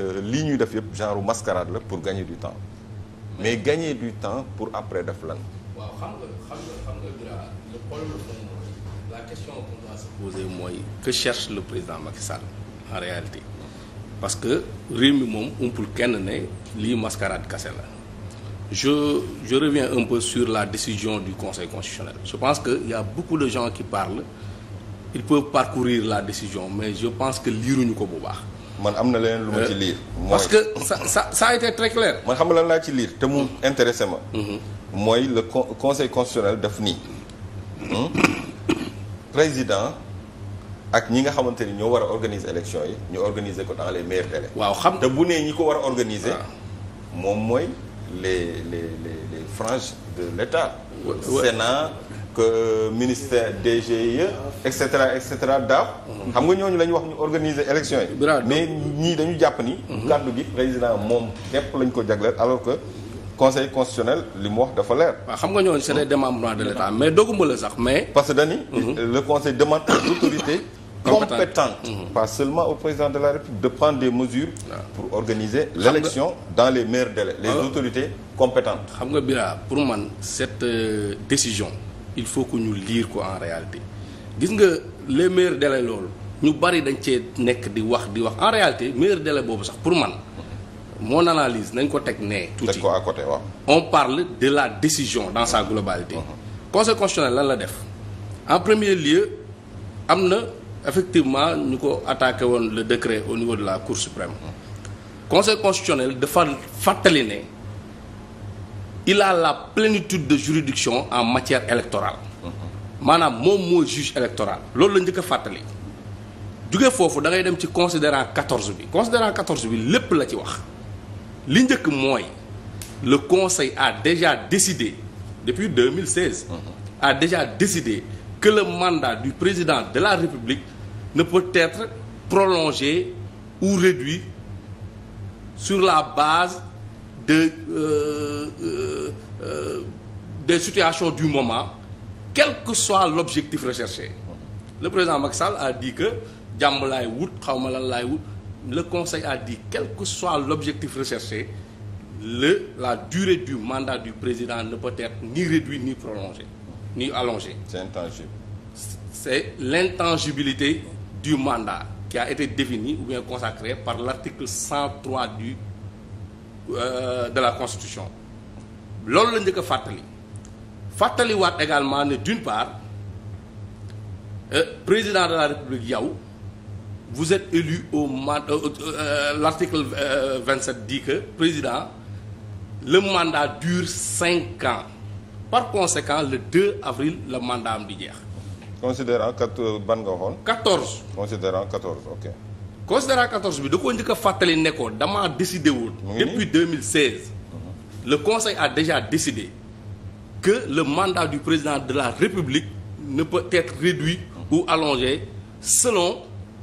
Euh, lii ñuy def yëpp genre mascarade la pour gagner du temps mais gagner du temps pour après def lan. waaw xam nga xam nga mooy la question qu'on doit se poser mooy que cherche le président Macky Sall en réalité parce que réew mi moom umpul kenn ne lii mascarade kase la je je reviens un peu sur la décision du Conseil constitutionnel je pense que il y a beaucoup de gens qui parlent ils peuvent parcourir la décision mais je pense que liiruñu ko bu baax man am na leneen lu ma ci euh, lire. mooy parce que sa ça ça a été très clair. man xam nga lan laa ci liir te mu intéressé ma. Mm-hmm. mooy le con conseil constitutionnel daf nii hmm? président ak ñi nga xamante ni ñoo war a organiser élection yi ñu organiser ko dans les meilleurs délais. waaw xam te bu nee ñi ko war a organiser. Ah. moom mooy les les les les franges de l' Sénat. que euh, ministère DGE et cetera et cetera daaw. Mhm. xam nga ñooñu la ñu wax ñu organiser élection yi. mais ñii dañu jàpp ni. Mhm. kàddu gi président moom képp lañ ko jagleel alors que conseil constitutionnel li mu wax dafa leer. waaw xam nga ñooñu c'est des démembrements de l'État mais doguma la sax mais. parce que dañu. Mhm. le conseil demande aux autorités. compétente mmh. pas seulement au président de la République de prendre des mesures pour organiser l'élection dans les meilleurs délais les ah. autorités compétentes xam nga Bira pour man cette euh, décision il faut que ñu liir ko en réalité gis nga le maire délais loolu ñu bari dañ cee nekk di wax di wax en réalité meilleur délai boobu sax pour man mon analyse nañ ko teg ne tuuti teg ko à côté waaw. on parle de la décision dans sa globalité. Uh-huh. conseil constitutionnel lan la def en premier lieu am na effectivement ñu ko attaqué woon le décret au niveau de la cour suprême uh-huh. conseil constitutionnel dafa fàttali ne. il la plénitude de juridiction en matière électorale maanaam moom mooy juge électoral loolu la njëkk a fàttali jóge foofu da ngay dem ci considérant 14 bi considérant 14 bi lépp la ci wax li njëkk mooy le conseil a déjà décidé depuis 2016 a déjà décidé que le mandat du président de la République ne peut être prolongé ou réduit sur la base de euh, euh, euh, des situations du moment quel que soit l'objectif recherché le président Macky Sall a dit que jàmm laay wut xawma lan laay wut le conseil a dit quel que soit l'objectif recherché le la durée du mandat du président ne peut être ni réduite ni prolongée ni allongée c'est intangible c'est l'intangibilité du mandat qui a été définie ou bien consacrée par l'article 103 du Euh, de la constitution loolu la njëkk a fàttali fàttaliwaat également ne d'une part euh, président de la république yow vous êtes élu au man euh, euh, l'article vingt-sept dit que président le mandat dure cinq ans par conséquent le 2 avril le mandat am di jeex. considérant quatre ban nga waxoon. quatorze. considérant quatorze considérant 14 bi da koo njëkk a fàttali ne ko damaa décidé woon. depuis 2016. le conseil a déjà décidé que le mandat du président de la république ne peut être réduit ou allongé selon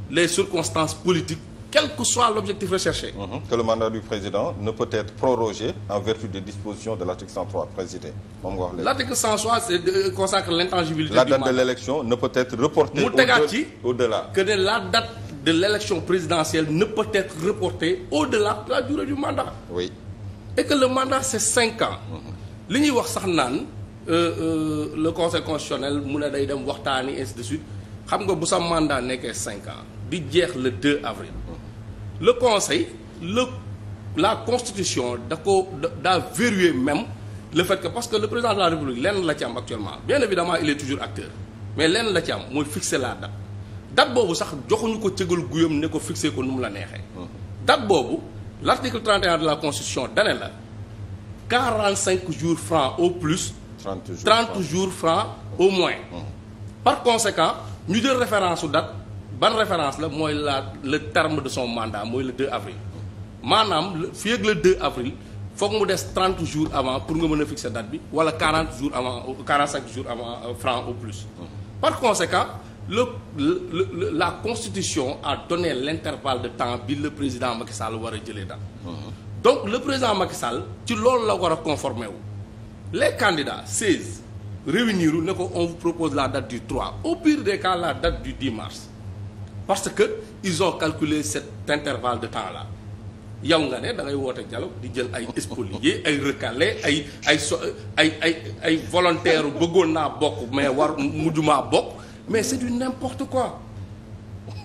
les circonstances politiques quel que soit l'objectif recherché. Mhm. que le mandat du président ne peut être prorogé en vertu des dispositions de l'article 103 présidé moom nga euh, consacre l'intangibilité du mandat. de l'élection ne peut être reportée. au-delà que ne la date. de lelection présidentielle ne peut être au-delà de la durée du mandat. oui et le mandat c'est cinq ans. li ñuy wax sax naan euh, euh, le conseil constitutionnel mu ne day dem waxtaani ainsi de suite xam nga bu sa mandat nekkee cinq ans di jeex la 2 avril. le conseil le la constitution da ko daa verrouiller même le fait que parce que le président de la république lenn la ci am actuellement bien évidemment il est toujours acteur mais lenn la ci am mooy fixer la date. date boobu sax joxuñu ko cëgal guyam ne ko fixé ko nu mu la neexee. date boobu l' article 31 de la constitution dane la cinq jours francs au plus. 30 jours jours francs au moins. par conséquent ñu jël référence su date ban référence la mooy la le terme de son mandat mooy le 2 avril. maanaam fii ak le 2 avril foog mu des trente jours avant pour nga mën a fixer date bi wala 40 jours avant 45 jours avant euh, francs au plus. par conséquent. le, le, le la constitution a donné l'intervalle de temps bi le président Macky Sall war a jële daal. donc le président Macky Sall ci loolu la war a conformer wu. les candidats 16 réunir ne ko on vous propose la date du 3 au pire des cas la date du 10 mars parce que ils ont calculé cet intervalle de temps la yow nga ne da ngay woote dialogue di jël ay spoliés ay recalés ay ay so ay ay ay volontaires bëggoon naa bokk mais war mujjumaa bokk. mais c'est du n'importe quoi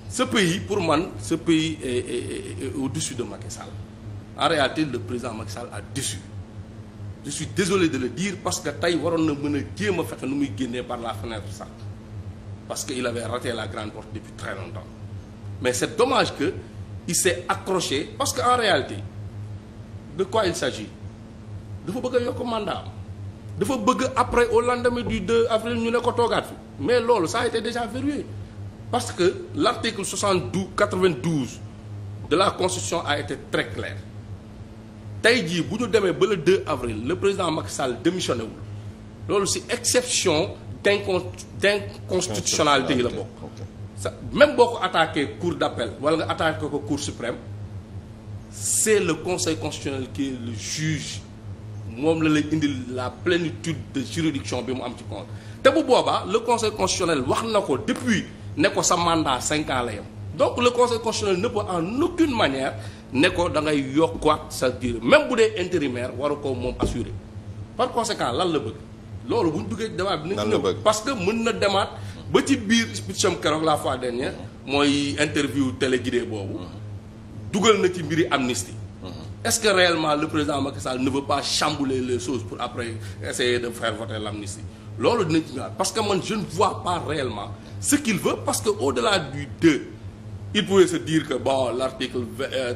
ce pays pour man ce pays est, est, est, au-dessus de Macky Sall en réalité le président Macky Sall a déçu je suis désolé de le dire parce que tey waroon na mën a jéem a fexe nu muy génnee par la fenêtre sax parce que il avait raté la grande porte depuis très longtemps mais c'est dommage que il s'est accroché parce que en réalité de quoi il s'agit dafa bëgg a yokk mandat dafa bëgg après au lendemain du 2 avril ñu ne ko toogaat fi mais loolu ça a été déjà verrouillé parce que l'article 72 92 de la constitution a été très clair tey jii bu ñu demee ba le 2 avril le président Macky Sall démissionné wul loolu ci exception d'incon d'inconstitutionnalité yi la bokk même boo ko attaqué cour d'appel wala nga attaque ko cour suprême c'est le conseil constitutionnel qui est le juge moom la lay indil la plénitude de juridiction bi mu am ci compte te bu boobaa le conseil constitutionnel wax na ko depuis ne ko sa mandat cinq ans la yem donc le conseil constitutionnel ne peut en aucune manière ne ko da ngay yokkuwaat sa durée même bu dee intérimaire waru ko moom assurer par conséquent lan la bëgg loolu bu ñu duggee ci débat bi. lan la bëgg parce que mën na demaat ba ci biir spécium keroog la fois dernière mooy interview téléguidé boobu mhm. dugal na ci mbiri amnistie. est-ce que réellement le président Macky Sall ne veut pas chambouler les choses pour après essayer de faire voter l'amnistie loolu dinañ ci ñëwaat parce que man je ne vois pas réellement ce qu'il veut parce que au-delà du 2 il pouvait se dire que bon l'article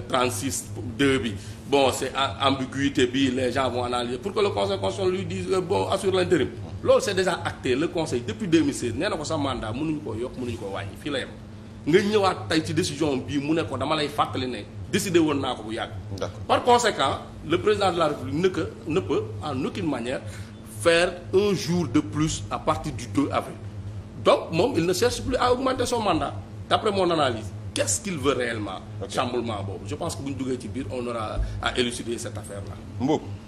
36 2 euh, bi bon c'est ambiguïté bi les gens vont analyser pour que le conseil constitutionnel lui dise euh, bon assure l'intérim loolu c'est déjà acté le conseil depuis 2016 nee na ko sa mandat nga ñëwaat tey ci décision bii mu ne ko dama lay fàttali ne décidé woon naa ko bu yàgg. par conséquent le président de la république ne que ne peut en aucune manière faire un jour de plus à partir du 2 avril. donc moom il ne cherche plus à augmenter son mandat d'après mon analyse qu'est-ce qu'il veut réellement. Okay. boobu je pense que bu ñu duggee ci biir on aura à élucider cette affaire la Mboup.